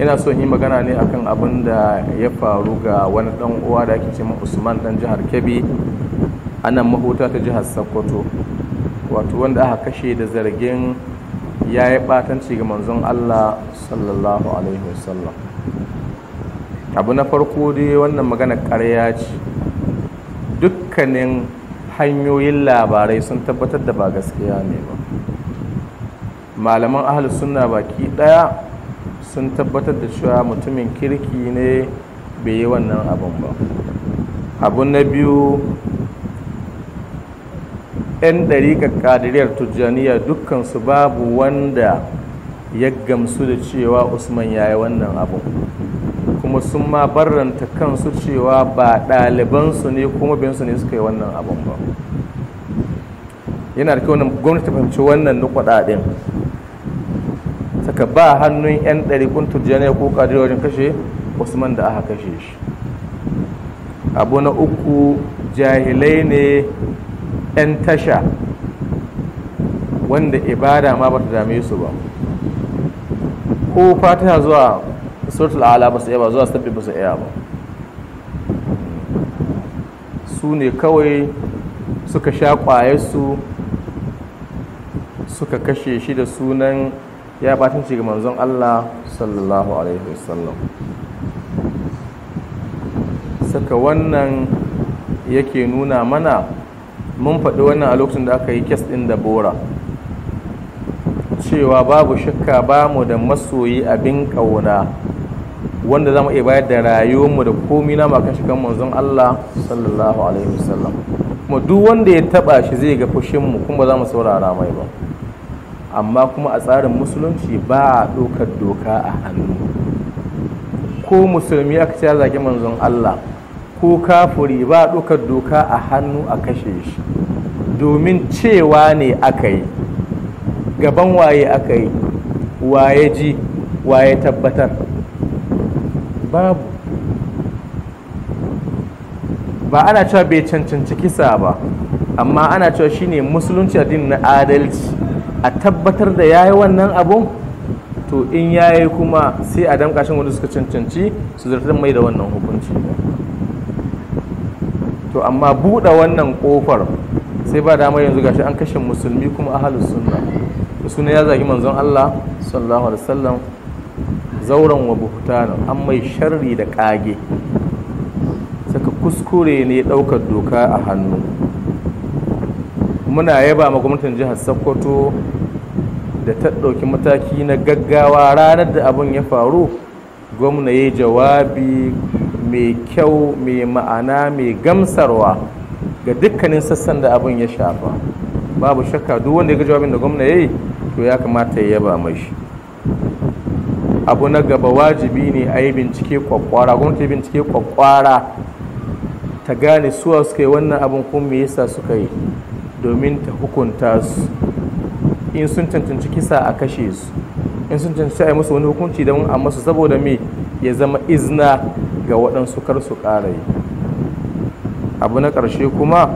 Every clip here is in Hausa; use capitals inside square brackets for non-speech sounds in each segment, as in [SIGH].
ina so yi magana ne akan abin da ya faru ga wani dan uwa da ake cewa Usman dan jihar Kebbi a nan mahuta ta jihar Sokoto wato wanda aka kashe da zargin ya yi batanci ga manzon Allah sallallahu alaihi wasallam abu na farko dai wannan magana karya ce dukkanin hanyoyin labarai sun tabbatar da ba gaskiya ne ba malaman ahal sunna baki ɗaya sun tabbatar da cewa mutumin kirki ne bai yi wannan abin ba abu na biyu 'yan ɗariƙa ƙadiriyar tujaniya dukansu babu wanda ya gamsu da cewa usman ya yi wannan abin kuma sun ma barranta kansu cewa ba ɗalibansu ne kuma binsu ne suka yi wannan abin ba yana da kyau gwamnati fahimci wannan nukwaɗa ɗin saka ba hannun 'yan ɗarikun turjaniya ko ƙadira wajen kashe usman da aka kashe shi abu na uku jahilai ne 'yan tasha wanda ibada ma ba ta dame su ba ko fatiha zuwa suratul ala ba su yaba zuwa sabbi ba su yaya ba su ne kawai suka sha su suka kashe shi da sunan ya batunci ga manzon Allah sallallahu alaihi wasallam saka wannan yake nuna mana mun faɗi wannan a lokacin da aka yi kes ɗin da bora cewa babu shakka ba mu da masoyi abin ƙauna wanda za mu iya bayar da rayuwarmu da komi na makon shigan manzon Allah sallallahu alaihi wasallam kuma duk wanda ya taɓa shi zai ga fushin mu kuma ba za mu saurara mai ba amma kuma a tsarin musulunci ba a ɗaukar doka a hannu ko musulmi aka ce zage manzon Allah ko kafuri ba a ɗaukar doka a hannu a kashe shi domin cewa ne aka yi gaban waye aka yi waye ji waye tabbatar babu ba ana cewa bai cancanci kisa ba amma ana cewa shine musulunci addini na adalci a tabbatar da ya yi wannan abun to in ya yi kuma sai a damƙa shi wanda suka cancanci su zartar mai da wannan hukunci to amma buɗe wannan ƙofar sai ba dama yanzu gashi an kashe musulmi kuma ahalus sunna to suna ya zagi manzon Allah sallallahu alaihi wasallam zauren wa buhtana an mai sharri da ƙage. saka kuskure ne ɗaukar doka a hannu muna yaba ma gwamnatin jihar sokoto da ta ɗauki mataki na gaggawa ranar da abin ya faru gwamna ya jawabi mai kyau mai ma'ana mai gamsarwa ga dukkanin sassan da abin ya shafa babu shakka duk wanda ya ga jawabin da gwamna ya yi to ya kamata ya yaba shi. abu na gaba wajibi ne a yi bincike kwakwara gwamnati bincike kwakwara ta gane suwa suka yi wannan abin kuma me yasa suka yi domin ta hukunta su in sun cancanci kisa a kashe su in sun cancanci a yi musu wani hukunci don a masu saboda me ya zama izina ga waɗansu kar su ƙara yi abu na ƙarshe kuma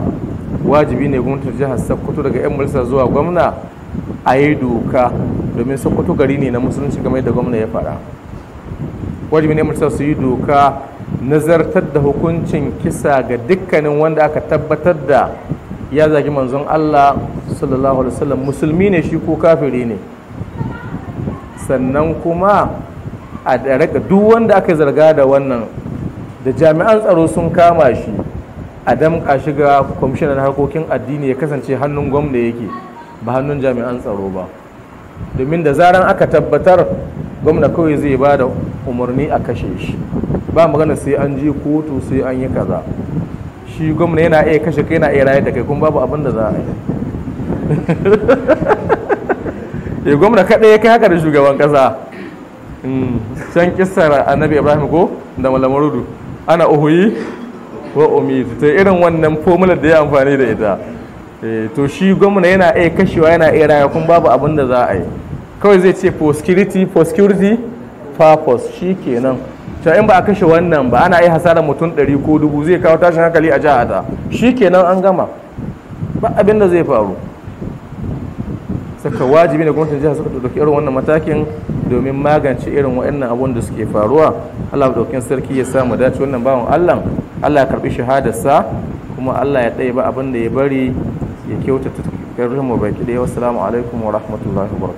wajibi ne gwamnatin jihar sokoto daga 'yan majalisa zuwa gwamna a yi doka domin sokoto gari ne na musulunci game da gwamna ya faɗa wajibi ne majalisa su yi doka nazartar da hukuncin kisa ga dukkanin wanda aka tabbatar da ya zaki manzon Allah sallallahu alaihi wasallam musulmi ne shi ko kafiri ne sannan kuma a daraka duk wanda aka zarga da wannan da jami'an tsaro sun kama shi a damƙa shi ga kwamishinan harkokin addini ya kasance hannun gwamna yake ba hannun jami'an tsaro ba domin da zaran aka tabbatar gwamna kawai zai ba da umarni a kashe shi ba magana sai an je kotu sai an yi kaza shi gwamna yana iya kashe kai na iya rayar da kai kuma babu abin da za a yi ya [LAUGHS] eh, gwamna kaɗai ya kai haka da shugaban ƙasa can hmm, kisar annabi ibrahim ko da malamarudu ana uhuyi wa umid ta irin wannan fomular da ya amfani da ita eh, to shi gwamna yana iya kashewa yana iya rayar kuma babu abin da za a yi kawai zai ce for security for security purpose shi kenan ta in ba a kashe wannan ba ana yi hasarar mutum ɗari ko dubu zai kawo tashin hankali a jiha ta kenan an gama ba abin da zai faru saka wajibi ne gwamnatin jiha suka ɗauki irin wannan matakin domin magance irin waɗannan abun da suke faruwa allah ɗaukin sarki ya samu dace wannan bawan allah allah ya karɓi shahadarsa kuma allah ya ɗaya ba abin da ya bari ya kyautata ƙarfin mu baki ɗaya wasu alaikum wa rahmatullahi wa